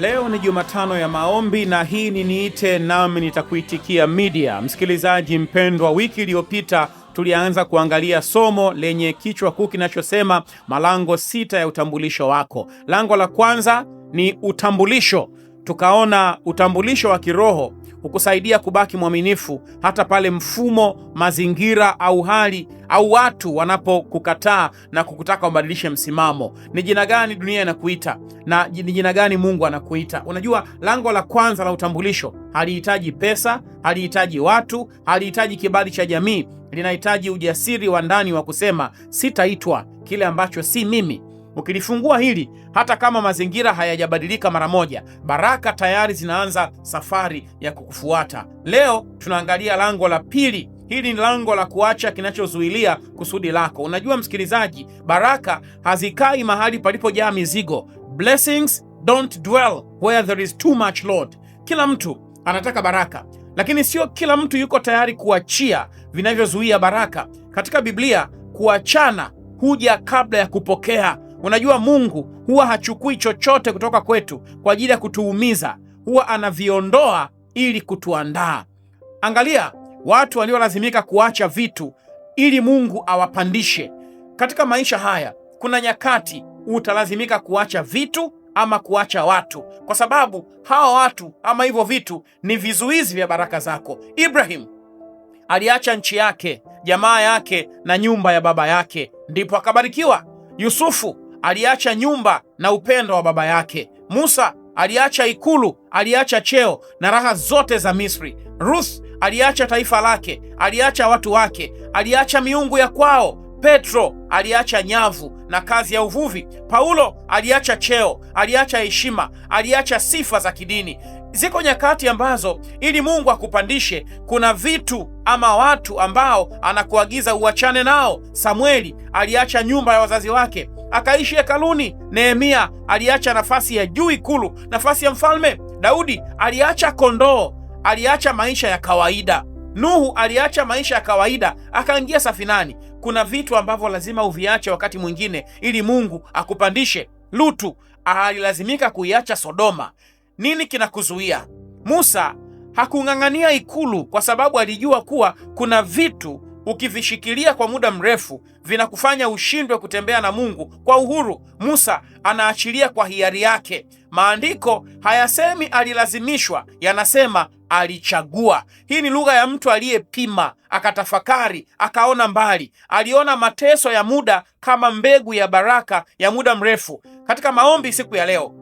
Leo ni Jumatano ya maombi na hii ni Niite Nami Nitakuitikia Media. Msikilizaji mpendwa, wiki iliyopita tulianza kuangalia somo lenye kichwa kuu kinachosema malango sita ya utambulisho wako. Lango la kwanza ni utambulisho. Tukaona utambulisho wa kiroho hukusaidia kubaki mwaminifu hata pale mfumo, mazingira au hali au watu wanapokukataa na kukutaka ubadilishe msimamo. Ni jina gani dunia inakuita na ni jina gani Mungu anakuita? Unajua, lango la kwanza la utambulisho halihitaji pesa, halihitaji watu, halihitaji kibali cha jamii. Linahitaji ujasiri wa ndani wa kusema sitaitwa kile ambacho si mimi. Ukilifungua hili, hata kama mazingira hayajabadilika mara moja, baraka tayari zinaanza safari ya kukufuata. Leo tunaangalia lango la pili. Hili ni lango la kuacha kinachozuilia kusudi lako. Unajua msikilizaji, baraka hazikai mahali palipojaa mizigo. Blessings don't dwell where there is too much load. Kila mtu anataka baraka, lakini sio kila mtu yuko tayari kuachia vinavyozuia baraka. Katika Biblia, kuachana huja kabla ya kupokea. Unajua, Mungu huwa hachukui chochote kutoka kwetu kwa ajili ya kutuumiza, huwa anaviondoa ili kutuandaa. Angalia watu waliolazimika kuacha vitu ili Mungu awapandishe katika maisha haya. Kuna nyakati utalazimika kuacha vitu ama kuacha watu, kwa sababu hawa watu ama hivyo vitu ni vizuizi vya baraka zako. Ibrahim aliacha nchi yake, jamaa yake na nyumba ya baba yake, ndipo akabarikiwa. Yusufu aliacha nyumba na upendo wa baba yake. Musa aliacha ikulu, aliacha cheo na raha zote za Misri. Ruth aliacha taifa lake, aliacha watu wake, aliacha miungu ya kwao. Petro aliacha nyavu na kazi ya uvuvi. Paulo aliacha cheo, aliacha heshima, aliacha sifa za kidini. Ziko nyakati ambazo ili Mungu akupandishe, kuna vitu ama watu ambao anakuagiza uachane nao. Samueli aliacha nyumba ya wazazi wake akaishi hekaluni. Nehemia aliacha nafasi ya juu ikulu, nafasi ya mfalme. Daudi aliacha kondoo, aliacha maisha ya kawaida. Nuhu aliacha maisha ya kawaida akaingia safinani. Kuna vitu ambavyo lazima uviache wakati mwingine ili Mungu akupandishe. Lutu alilazimika kuiacha Sodoma. Nini kinakuzuia? Musa hakung'ang'ania ikulu kwa sababu alijua kuwa kuna vitu ukivishikilia kwa muda mrefu vinakufanya ushindwe kutembea na Mungu kwa uhuru. Musa anaachilia kwa hiari yake. Maandiko hayasemi alilazimishwa, yanasema alichagua. Hii ni lugha ya mtu aliyepima, akatafakari, akaona mbali. Aliona mateso ya muda kama mbegu ya baraka ya muda mrefu. Katika maombi siku ya leo,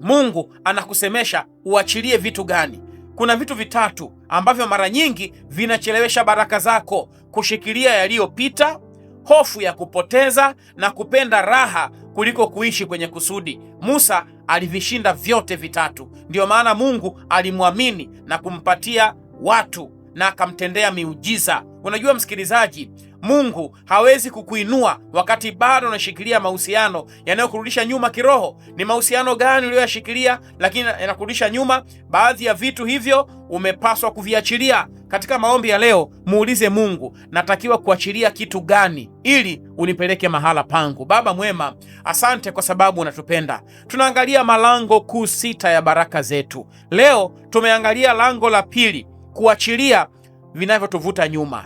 Mungu anakusemesha uachilie vitu gani? Kuna vitu vitatu ambavyo mara nyingi vinachelewesha baraka zako kushikilia yaliyopita, hofu ya kupoteza na kupenda raha kuliko kuishi kwenye kusudi. Musa alivishinda vyote vitatu. Ndiyo maana Mungu alimwamini na kumpatia watu na akamtendea miujiza. Unajua msikilizaji, Mungu hawezi kukuinua wakati bado unashikilia mahusiano yanayokurudisha nyuma kiroho. Ni mahusiano gani uliyoyashikilia lakini yanakurudisha nyuma? Baadhi ya vitu hivyo umepaswa kuviachilia. Katika maombi ya leo muulize Mungu, natakiwa kuachilia kitu gani ili unipeleke mahala pangu? Baba mwema, asante kwa sababu unatupenda. Tunaangalia malango kuu sita ya baraka zetu. Leo tumeangalia lango la pili, kuachilia vinavyotuvuta nyuma.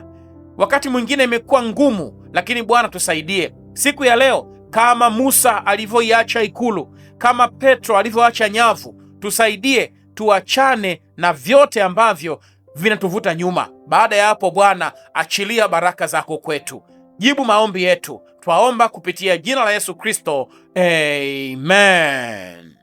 Wakati mwingine imekuwa ngumu, lakini Bwana tusaidie siku ya leo, kama Musa alivyoiacha ikulu, kama Petro alivyoacha nyavu, tusaidie tuachane na vyote ambavyo vinatuvuta nyuma. Baada ya hapo, Bwana achilia baraka zako kwetu, jibu maombi yetu, twaomba kupitia jina la Yesu Kristo, amen.